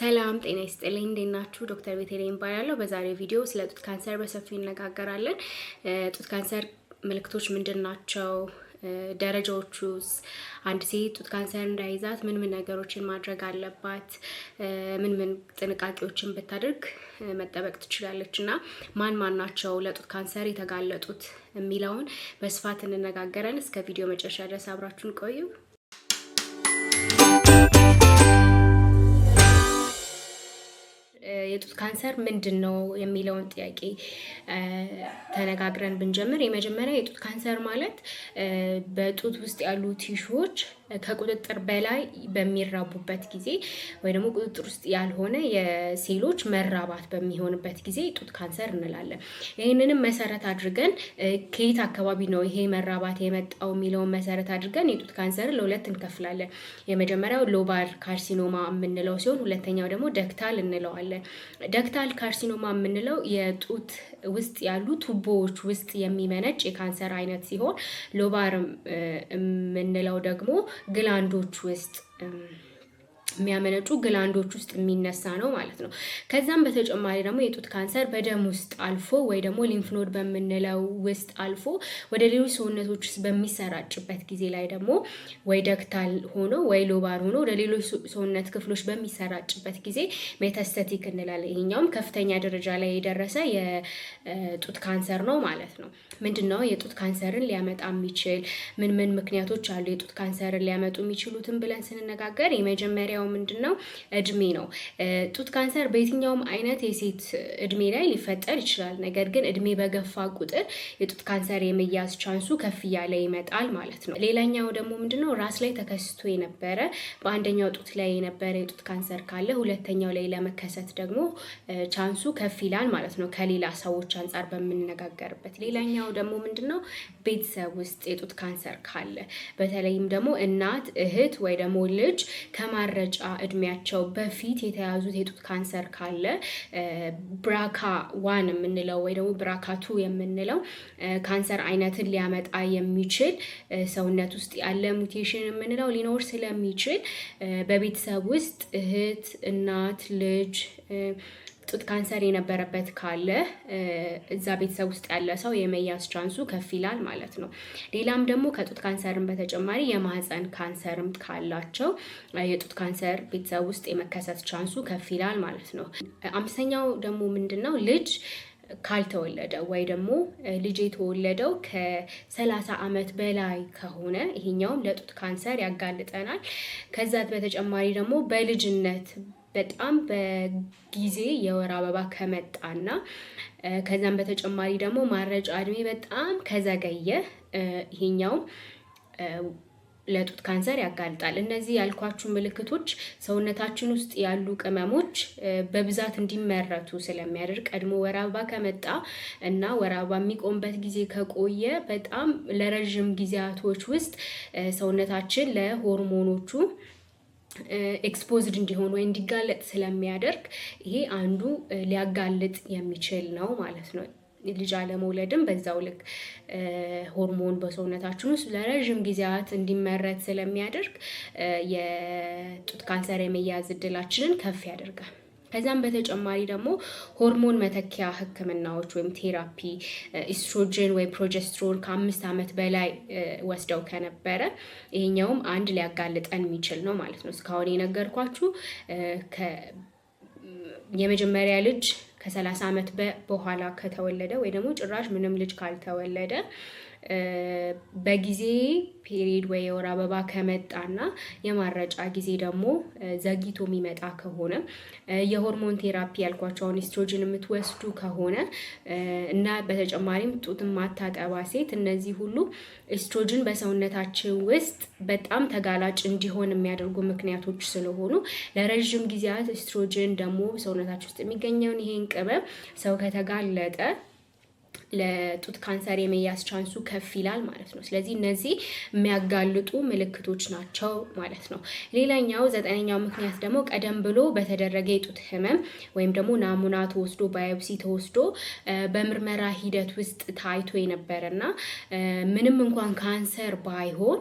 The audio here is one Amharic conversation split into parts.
ሰላም ጤና ይስጥልኝ። እንዴት ናችሁ? ዶክተር ቤቴሌ እባላለሁ። በዛሬው ቪዲዮ ስለ ጡት ካንሰር በሰፊው እነጋገራለን። ጡት ካንሰር ምልክቶች ምንድን ናቸው? ደረጃዎቹ አንድ ሴት ጡት ካንሰር እንዳይዛት ምን ምን ነገሮችን ማድረግ አለባት? ምን ምን ጥንቃቄዎችን ብታደርግ መጠበቅ ትችላለች? እና ማን ማን ናቸው ለጡት ካንሰር የተጋለጡት የሚለውን በስፋት እንነጋገረን። እስከ ቪዲዮ መጨረሻ ድረስ አብራችሁን ቆዩ። የጡት ካንሰር ምንድን ነው የሚለውን ጥያቄ ተነጋግረን ብንጀምር፣ የመጀመሪያ የጡት ካንሰር ማለት በጡት ውስጥ ያሉ ቲሹዎች ከቁጥጥር በላይ በሚራቡበት ጊዜ ወይ ደግሞ ቁጥጥር ውስጥ ያልሆነ የሴሎች መራባት በሚሆንበት ጊዜ ጡት ካንሰር እንላለን። ይህንንም መሰረት አድርገን ከየት አካባቢ ነው ይሄ መራባት የመጣው የሚለውን መሰረት አድርገን የጡት ካንሰር ለሁለት እንከፍላለን። የመጀመሪያው ሎባር ካርሲኖማ የምንለው ሲሆን ሁለተኛው ደግሞ ደክታል እንለዋለን። ደክታል ካርሲኖማ የምንለው የጡት ውስጥ ያሉ ቱቦዎች ውስጥ የሚመነጭ የካንሰር አይነት ሲሆን ሎባር የምንለው ደግሞ ግላንዶች ውስጥ የሚያመነጩ ግላንዶች ውስጥ የሚነሳ ነው ማለት ነው። ከዛም በተጨማሪ ደግሞ የጡት ካንሰር በደም ውስጥ አልፎ ወይ ደግሞ ሊንፍኖድ በምንለው ውስጥ አልፎ ወደ ሌሎች ሰውነቶች ውስጥ በሚሰራጭበት ጊዜ ላይ ደግሞ ወይ ደክታል ሆኖ ወይ ሎባር ሆኖ ወደ ሌሎች ሰውነት ክፍሎች በሚሰራጭበት ጊዜ ሜታስተቲክ እንላለን። ይሄኛውም ከፍተኛ ደረጃ ላይ የደረሰ የጡት ካንሰር ነው ማለት ነው። ምንድን ነው የጡት ካንሰርን ሊያመጣ የሚችል ምን ምን ምክንያቶች አሉ የጡት ካንሰርን ሊያመጡ የሚችሉትን ብለን ስንነጋገር የመጀመሪያው ምንድን ነው እድሜ ነው። ጡት ካንሰር በየትኛውም አይነት የሴት እድሜ ላይ ሊፈጠር ይችላል። ነገር ግን እድሜ በገፋ ቁጥር የጡት ካንሰር የመያዝ ቻንሱ ከፍ እያለ ይመጣል ማለት ነው። ሌላኛው ደግሞ ምንድነው ራስ ላይ ተከስቶ የነበረ በአንደኛው ጡት ላይ የነበረ የጡት ካንሰር ካለ ሁለተኛው ላይ ለመከሰት ደግሞ ቻንሱ ከፍ ይላል ማለት ነው ከሌላ ሰዎች አንጻር በምንነጋገርበት። ሌላኛው ደግሞ ምንድነው ቤተሰብ ውስጥ የጡት ካንሰር ካለ በተለይም ደግሞ እናት፣ እህት ወይ ደግሞ ልጅ ከማረጃ መቁረጫ እድሜያቸው በፊት የተያዙት የጡት ካንሰር ካለ ብራካ ዋን የምንለው ወይ ደግሞ ብራካ ቱ የምንለው ካንሰር አይነትን ሊያመጣ የሚችል ሰውነት ውስጥ ያለ ሙቴሽን የምንለው ሊኖር ስለሚችል በቤተሰብ ውስጥ እህት፣ እናት፣ ልጅ ጡት ካንሰር የነበረበት ካለ እዛ ቤተሰብ ውስጥ ያለ ሰው የመያዝ ቻንሱ ከፍ ይላል ማለት ነው። ሌላም ደግሞ ከጡት ካንሰርም በተጨማሪ የማህፀን ካንሰርም ካላቸው የጡት ካንሰር ቤተሰብ ውስጥ የመከሰት ቻንሱ ከፍ ይላል ማለት ነው። አምስተኛው ደግሞ ምንድን ነው ልጅ ካልተወለደ ወይ ደግሞ ልጅ የተወለደው ከሰላሳ ዓመት በላይ ከሆነ ይሄኛውም ለጡት ካንሰር ያጋልጠናል። ከዛ በተጨማሪ ደግሞ በልጅነት በጣም በጊዜ የወር አበባ ከመጣና ከዛም በተጨማሪ ደግሞ ማረጫ እድሜ በጣም ከዘገየ ይሄኛውም ለጡት ካንሰር ያጋልጣል። እነዚህ ያልኳችሁ ምልክቶች ሰውነታችን ውስጥ ያሉ ቅመሞች በብዛት እንዲመረቱ ስለሚያደርግ ቀድሞ ወር አበባ ከመጣ እና ወር አበባ የሚቆምበት ጊዜ ከቆየ በጣም ለረዥም ጊዜያቶች ውስጥ ሰውነታችን ለሆርሞኖቹ ኤክስፖዝድ እንዲሆን ወይ እንዲጋለጥ ስለሚያደርግ ይሄ አንዱ ሊያጋልጥ የሚችል ነው ማለት ነው። ልጅ አለመውለድም በዛው ልክ ሆርሞን በሰውነታችን ውስጥ ለረዥም ጊዜያት እንዲመረት ስለሚያደርግ የጡት ካንሰር የመያዝ እድላችንን ከፍ ያደርጋል። ከዚያም በተጨማሪ ደግሞ ሆርሞን መተኪያ ህክምናዎች ወይም ቴራፒ ኢስትሮጅን ወይ ፕሮጀስትሮን ከአምስት ዓመት በላይ ወስደው ከነበረ ይሄኛውም አንድ ሊያጋልጠን የሚችል ነው ማለት ነው። እስካሁን የነገርኳችሁ የመጀመሪያ ልጅ ከሰላሳ ዓመት በኋላ ከተወለደ ወይ ደግሞ ጭራሽ ምንም ልጅ ካልተወለደ በጊዜ ፔሪድ ወይ የወር አበባ ከመጣና የማረጫ ጊዜ ደግሞ ዘግይቶ የሚመጣ ከሆነ የሆርሞን ቴራፒ ያልኳቸውን ኢስትሮጅን የምትወስዱ ከሆነ እና በተጨማሪም ጡት ማታጠባ ሴት እነዚህ ሁሉ ኢስትሮጅን በሰውነታችን ውስጥ በጣም ተጋላጭ እንዲሆን የሚያደርጉ ምክንያቶች ስለሆኑ ለረዥም ጊዜያት ኢስትሮጅን ደግሞ ሰውነታችን ውስጥ የሚገኘውን ይሄን ቅመም ሰው ከተጋለጠ ለጡት ካንሰር የመያዝ ቻንሱ ከፍ ይላል ማለት ነው። ስለዚህ እነዚህ የሚያጋልጡ ምልክቶች ናቸው ማለት ነው። ሌላኛው ዘጠነኛው ምክንያት ደግሞ ቀደም ብሎ በተደረገ የጡት ህመም ወይም ደግሞ ናሙና ተወስዶ ባዮፕሲ ተወስዶ በምርመራ ሂደት ውስጥ ታይቶ የነበረ እና ምንም እንኳን ካንሰር ባይሆን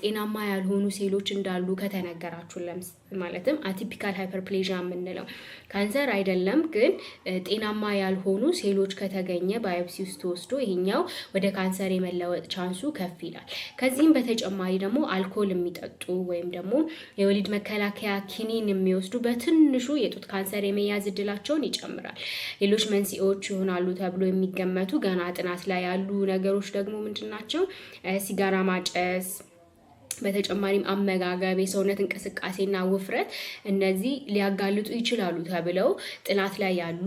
ጤናማ ያልሆኑ ሴሎች እንዳሉ ከተነገራችሁ ለምስ ማለትም አቲፒካል ሃይፐርፕሌዥያ የምንለው ካንሰር አይደለም፣ ግን ጤናማ ያልሆኑ ሴሎች ከተገኘ ባዮፕሲ ውስጥ ተወስዶ ይሄኛው ወደ ካንሰር የመለወጥ ቻንሱ ከፍ ይላል። ከዚህም በተጨማሪ ደግሞ አልኮል የሚጠጡ ወይም ደግሞ የወሊድ መከላከያ ኪኒን የሚወስዱ በትንሹ የጡት ካንሰር የመያዝ እድላቸውን ይጨምራል። ሌሎች መንስኤዎች ይሆናሉ ተብሎ የሚገመቱ ገና ጥናት ላይ ያሉ ነገሮች ደግሞ ምንድን ናቸው? ሲጋራ ማጨስ በተጨማሪም አመጋገብ፣ የሰውነት እንቅስቃሴና ውፍረት እነዚህ ሊያጋልጡ ይችላሉ ተብለው ጥናት ላይ ያሉ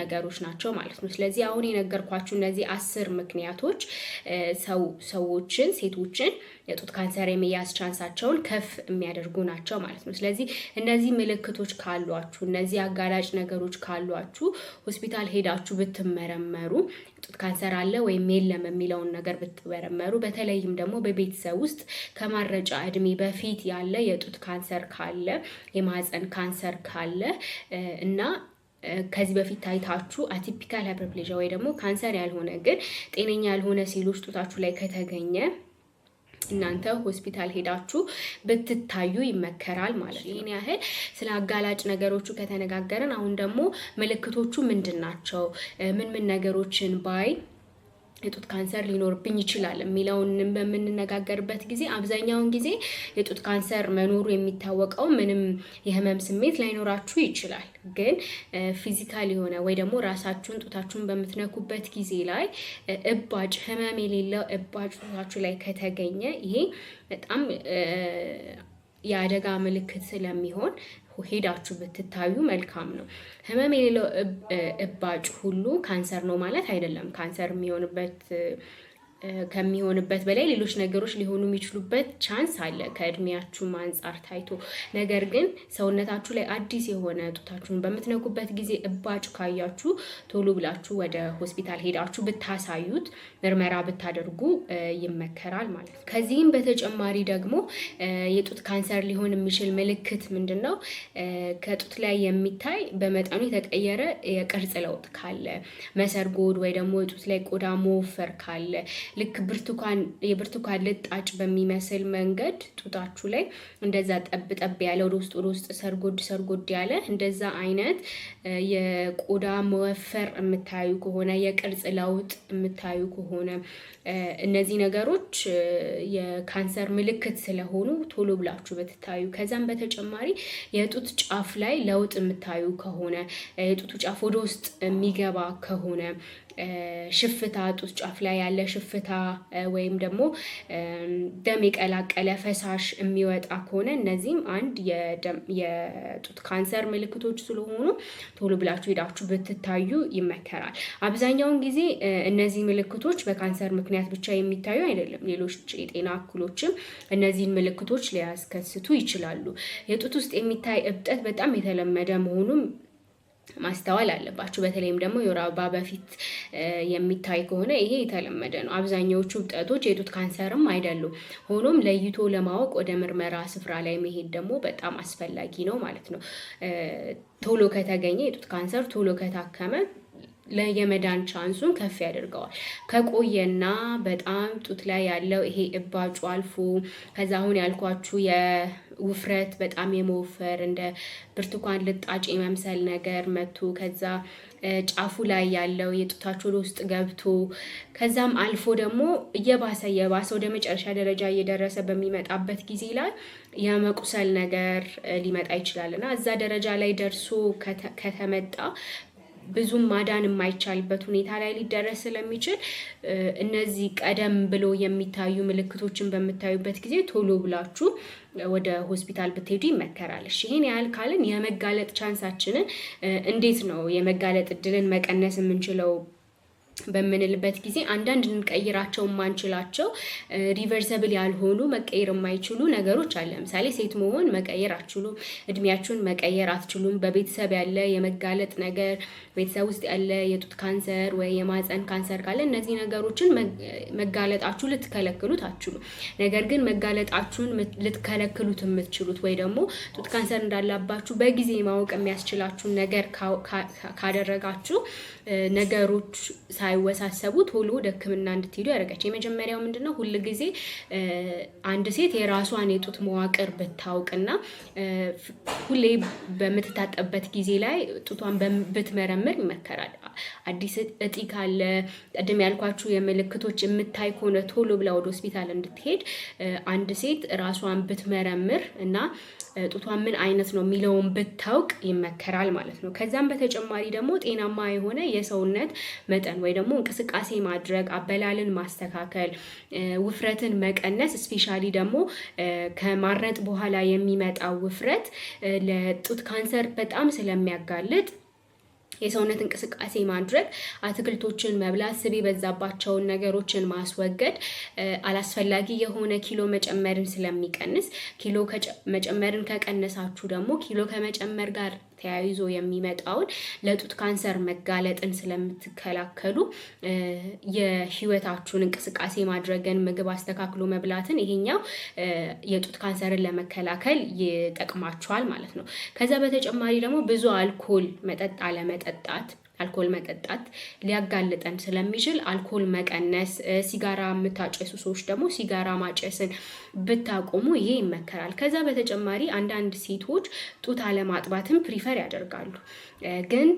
ነገሮች ናቸው ማለት ነው። ስለዚህ አሁን የነገርኳችሁ እነዚህ አስር ምክንያቶች ሰዎችን ሴቶችን የጡት ካንሰር የመያዝ ቻንሳቸውን ከፍ የሚያደርጉ ናቸው ማለት ነው። ስለዚህ እነዚህ ምልክቶች ካሏችሁ፣ እነዚህ አጋላጭ ነገሮች ካሏችሁ ሆስፒታል ሄዳችሁ ብትመረመሩ ጡት ካንሰር አለ ወይም የለም የሚለውን ነገር ብትመረመሩ፣ በተለይም ደግሞ በቤተሰብ ውስጥ ከማረጫ እድሜ በፊት ያለ የጡት ካንሰር ካለ፣ የማህፀን ካንሰር ካለ እና ከዚህ በፊት ታይታችሁ አቲፒካል ሃይፐርፕሌዣ ወይ ደግሞ ካንሰር ያልሆነ ግን ጤነኛ ያልሆነ ሴሎች ጡታችሁ ላይ ከተገኘ እናንተ ሆስፒታል ሄዳችሁ ብትታዩ ይመከራል ማለት ነው። ይህን ያህል ስለ አጋላጭ ነገሮቹ ከተነጋገርን አሁን ደግሞ ምልክቶቹ ምንድን ናቸው? ምን ምን ነገሮችን ባይ የጡት ካንሰር ሊኖርብኝ ይችላል የሚለውን በምንነጋገርበት ጊዜ አብዛኛውን ጊዜ የጡት ካንሰር መኖሩ የሚታወቀው ምንም የህመም ስሜት ላይኖራችሁ ይችላል። ግን ፊዚካል የሆነ ወይ ደግሞ ራሳችሁን ጡታችሁን በምትነኩበት ጊዜ ላይ እባጭ፣ ህመም የሌለው እባጭ ጡታችሁ ላይ ከተገኘ ይሄ በጣም የአደጋ ምልክት ስለሚሆን ሄዳችሁ ብትታዩ መልካም ነው። ህመም የሌለው እባጭ ሁሉ ካንሰር ነው ማለት አይደለም። ካንሰር የሚሆንበት ከሚሆንበት በላይ ሌሎች ነገሮች ሊሆኑ የሚችሉበት ቻንስ አለ ከእድሜያችሁ አንጻር ታይቶ። ነገር ግን ሰውነታችሁ ላይ አዲስ የሆነ ጡታችሁን በምትነኩበት ጊዜ እባጭ ካያችሁ ቶሎ ብላችሁ ወደ ሆስፒታል ሄዳችሁ ብታሳዩት፣ ምርመራ ብታደርጉ ይመከራል ማለት ነው። ከዚህም በተጨማሪ ደግሞ የጡት ካንሰር ሊሆን የሚችል ምልክት ምንድን ነው? ከጡት ላይ የሚታይ በመጠኑ የተቀየረ የቅርጽ ለውጥ ካለ፣ መሰርጎድ ወይ ደግሞ የጡት ላይ ቆዳ መወፈር ካለ ልክ ብርቱካን የብርቱካን ልጣጭ በሚመስል መንገድ ጡታችሁ ላይ እንደዛ ጠብ ጠብ ያለ ወደ ውስጥ ወደ ውስጥ ሰርጎድ ሰርጎድ ያለ እንደዛ አይነት የቆዳ መወፈር የምታዩ ከሆነ የቅርጽ ለውጥ የምታዩ ከሆነ እነዚህ ነገሮች የካንሰር ምልክት ስለሆኑ ቶሎ ብላችሁ ብትታዩ፣ ከዛም በተጨማሪ የጡት ጫፍ ላይ ለውጥ የምታዩ ከሆነ የጡቱ ጫፍ ወደ ውስጥ የሚገባ ከሆነ ሽፍታ ጡት ጫፍ ላይ ያለ ሽፍታ ወይም ደግሞ ደም የቀላቀለ ፈሳሽ የሚወጣ ከሆነ እነዚህም አንድ የጡት ካንሰር ምልክቶች ስለሆኑ ቶሎ ብላችሁ ሄዳችሁ ብትታዩ ይመከራል። አብዛኛውን ጊዜ እነዚህ ምልክቶች በካንሰር ምክንያት ብቻ የሚታዩ አይደለም። ሌሎች የጤና እክሎችም እነዚህን ምልክቶች ሊያስከስቱ ይችላሉ። የጡት ውስጥ የሚታይ እብጠት በጣም የተለመደ መሆኑም ማስተዋል አለባችሁ። በተለይም ደግሞ የወር አበባ በፊት የሚታይ ከሆነ ይሄ የተለመደ ነው። አብዛኛዎቹ እብጠቶች የጡት ካንሰርም አይደሉም። ሆኖም ለይቶ ለማወቅ ወደ ምርመራ ስፍራ ላይ መሄድ ደግሞ በጣም አስፈላጊ ነው ማለት ነው። ቶሎ ከተገኘ የጡት ካንሰር ቶሎ ከታከመ የመዳን ቻንሱን ከፍ ያደርገዋል። ከቆየና በጣም ጡት ላይ ያለው ይሄ እባጩ አልፎ ከዛ አሁን ያልኳችሁ የውፍረት በጣም የመወፈር እንደ ብርቱካን ልጣጭ የመምሰል ነገር መቶ ከዛ ጫፉ ላይ ያለው የጡታችሁ ውስጥ ገብቶ ከዛም አልፎ ደግሞ እየባሰ እየባሰ ወደ መጨረሻ ደረጃ እየደረሰ በሚመጣበት ጊዜ ላይ የመቁሰል ነገር ሊመጣ ይችላል እና እዛ ደረጃ ላይ ደርሶ ከተመጣ ብዙም ማዳን የማይቻልበት ሁኔታ ላይ ሊደረስ ስለሚችል እነዚህ ቀደም ብሎ የሚታዩ ምልክቶችን በምታዩበት ጊዜ ቶሎ ብላችሁ ወደ ሆስፒታል ብትሄዱ ይመከራል። ይህን ያህል ካልን የመጋለጥ ቻንሳችንን እንዴት ነው የመጋለጥ እድልን መቀነስ የምንችለው በምንልበት ጊዜ አንዳንድ ልንቀይራቸው የማንችላቸው ሪቨርሰብል ያልሆኑ መቀየር የማይችሉ ነገሮች አለ። ለምሳሌ ሴት መሆን መቀየር አትችሉም። እድሜያችሁን መቀየር አትችሉም። በቤተሰብ ያለ የመጋለጥ ነገር፣ ቤተሰብ ውስጥ ያለ የጡት ካንሰር ወይ የማፀን ካንሰር ካለ እነዚህ ነገሮችን መጋለጣችሁ ልትከለክሉት አትችሉ። ነገር ግን መጋለጣችሁን ልትከለክሉት የምትችሉት ወይ ደግሞ ጡት ካንሰር እንዳላባችሁ በጊዜ ማወቅ የሚያስችላችሁን ነገር ካደረጋችሁ ነገሮች ሳይወሳሰቡ ቶሎ ወደ ሕክምና እንድትሄዱ ያደረጋቸው የመጀመሪያው ምንድነው፣ ሁል ጊዜ አንድ ሴት የራሷን የጡት መዋቅር ብታውቅና ሁሌ በምትታጠበት ጊዜ ላይ ጡቷን ብትመረምር ይመከራል። አዲስ እጢ ካለ ቀደም ያልኳችሁ የምልክቶች የምታይ ከሆነ ቶሎ ብላ ወደ ሆስፒታል እንድትሄድ አንድ ሴት ራሷን ብትመረምር እና ጡቷ ምን አይነት ነው የሚለውን ብታውቅ ይመከራል ማለት ነው። ከዛም በተጨማሪ ደግሞ ጤናማ የሆነ የሰውነት መጠን ወይ ደግሞ እንቅስቃሴ ማድረግ፣ አበላልን ማስተካከል፣ ውፍረትን መቀነስ እስፔሻሊ ደግሞ ከማረጥ በኋላ የሚመጣ ውፍረት ለጡት ካንሰር በጣም ስለሚያጋልጥ የሰውነት እንቅስቃሴ ማድረግ፣ አትክልቶችን መብላት፣ ስብ የበዛባቸውን ነገሮችን ማስወገድ አላስፈላጊ የሆነ ኪሎ መጨመርን ስለሚቀንስ ኪሎ መጨመርን ከቀነሳችሁ ደግሞ ኪሎ ከመጨመር ጋር ተያይዞ የሚመጣውን ለጡት ካንሰር መጋለጥን ስለምትከላከሉ የህይወታችሁን እንቅስቃሴ ማድረግን፣ ምግብ አስተካክሎ መብላትን ይሄኛው የጡት ካንሰርን ለመከላከል ይጠቅማችኋል ማለት ነው። ከዛ በተጨማሪ ደግሞ ብዙ አልኮል መጠጥ አለመጠጣት አልኮል መጠጣት ሊያጋልጠን ስለሚችል አልኮል መቀነስ፣ ሲጋራ የምታጨሱ ሰዎች ደግሞ ሲጋራ ማጨስን ብታቆሙ ይሄ ይመከራል። ከዛ በተጨማሪ አንዳንድ ሴቶች ጡት አለማጥባትን ፕሪፈር ያደርጋሉ። ግን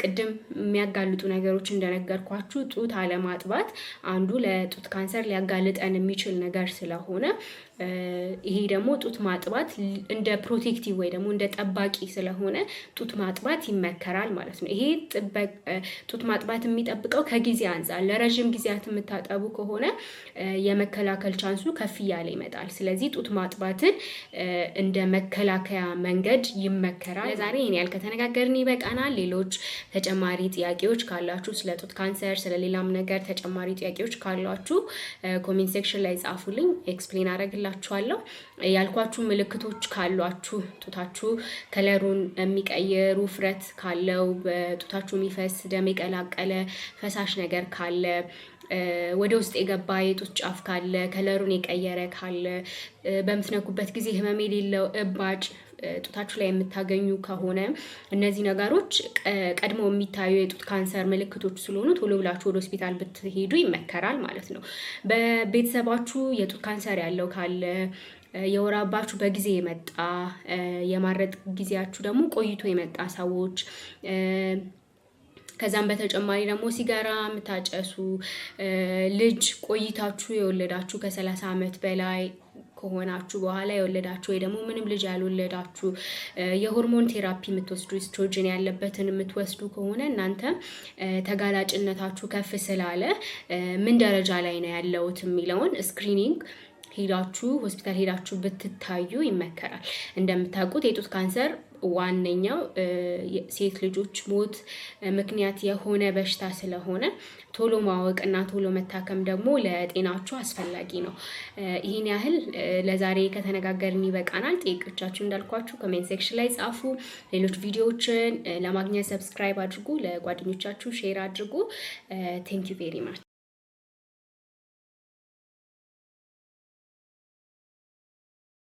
ቅድም የሚያጋልጡ ነገሮች እንደነገርኳችሁ ጡት አለማጥባት አንዱ ለጡት ካንሰር ሊያጋልጠን የሚችል ነገር ስለሆነ ይሄ ደግሞ ጡት ማጥባት እንደ ፕሮቴክቲቭ ወይ ደግሞ እንደ ጠባቂ ስለሆነ ጡት ማጥባት ይመከራል ማለት ነው። ይሄ ጡት ማጥባት የሚጠብቀው ከጊዜ አንጻር ለረዥም ጊዜያት የምታጠቡ ከሆነ የመከላከል ቻንሱ ከፍ እያለ ይመጣል። ስለዚህ ጡት ማጥባትን እንደ መከላከያ መንገድ ይመከራል። ለዛሬ ይህን ያህል ከተነጋገርን ይበቃናል። ሌሎች ተጨማሪ ጥያቄዎች ካላችሁ ስለ ጡት ካንሰር፣ ስለሌላም ነገር ተጨማሪ ጥያቄዎች ካሏችሁ ኮሜንት ሴክሽን ላይ ጻፉልኝ፣ ኤክስፕሌን አደረግላችኋለሁ። ያልኳችሁ ምልክቶች ካሏችሁ ጡታችሁ ከለሩን የሚቀይር ውፍረት ካለው በጡታችሁ የሚፈስ ደም የቀላቀለ ፈሳሽ ነገር ካለ ወደ ውስጥ የገባ የጡት ጫፍ ካለ ከለሩን የቀየረ ካለ በምትነኩበት ጊዜ ህመም የሌለው እባጭ ጡታችሁ ላይ የምታገኙ ከሆነ እነዚህ ነገሮች ቀድሞ የሚታዩ የጡት ካንሰር ምልክቶች ስለሆኑ ቶሎ ብላችሁ ወደ ሆስፒታል ብትሄዱ ይመከራል ማለት ነው። በቤተሰባችሁ የጡት ካንሰር ያለው ካለ የወር አበባችሁ በጊዜ የመጣ የማረጥ ጊዜያችሁ ደግሞ ቆይቶ የመጣ ሰዎች ከዛም በተጨማሪ ደግሞ ሲጋራ የምታጨሱ ልጅ ቆይታችሁ የወለዳችሁ ከሰላሳ ዓመት በላይ ከሆናችሁ በኋላ የወለዳችሁ ወይ ደግሞ ምንም ልጅ ያልወለዳችሁ የሆርሞን ቴራፒ የምትወስዱ ኢስትሮጅን ያለበትን የምትወስዱ ከሆነ እናንተ ተጋላጭነታችሁ ከፍ ስላለ ምን ደረጃ ላይ ነው ያለውት የሚለውን ስክሪኒንግ ሄዳችሁ ሆስፒታል ሄዳችሁ ብትታዩ ይመከራል። እንደምታውቁት የጡት ካንሰር ዋነኛው ሴት ልጆች ሞት ምክንያት የሆነ በሽታ ስለሆነ ቶሎ ማወቅ እና ቶሎ መታከም ደግሞ ለጤናችሁ አስፈላጊ ነው። ይህን ያህል ለዛሬ ከተነጋገርን ይበቃናል። ጥያቄዎቻችሁ እንዳልኳችሁ ኮሜንት ሴክሽን ላይ ጻፉ። ሌሎች ቪዲዮዎችን ለማግኘት ሰብስክራይብ አድርጉ። ለጓደኞቻችሁ ሼር አድርጉ። ቴንክ ዩ ቬሪ ማች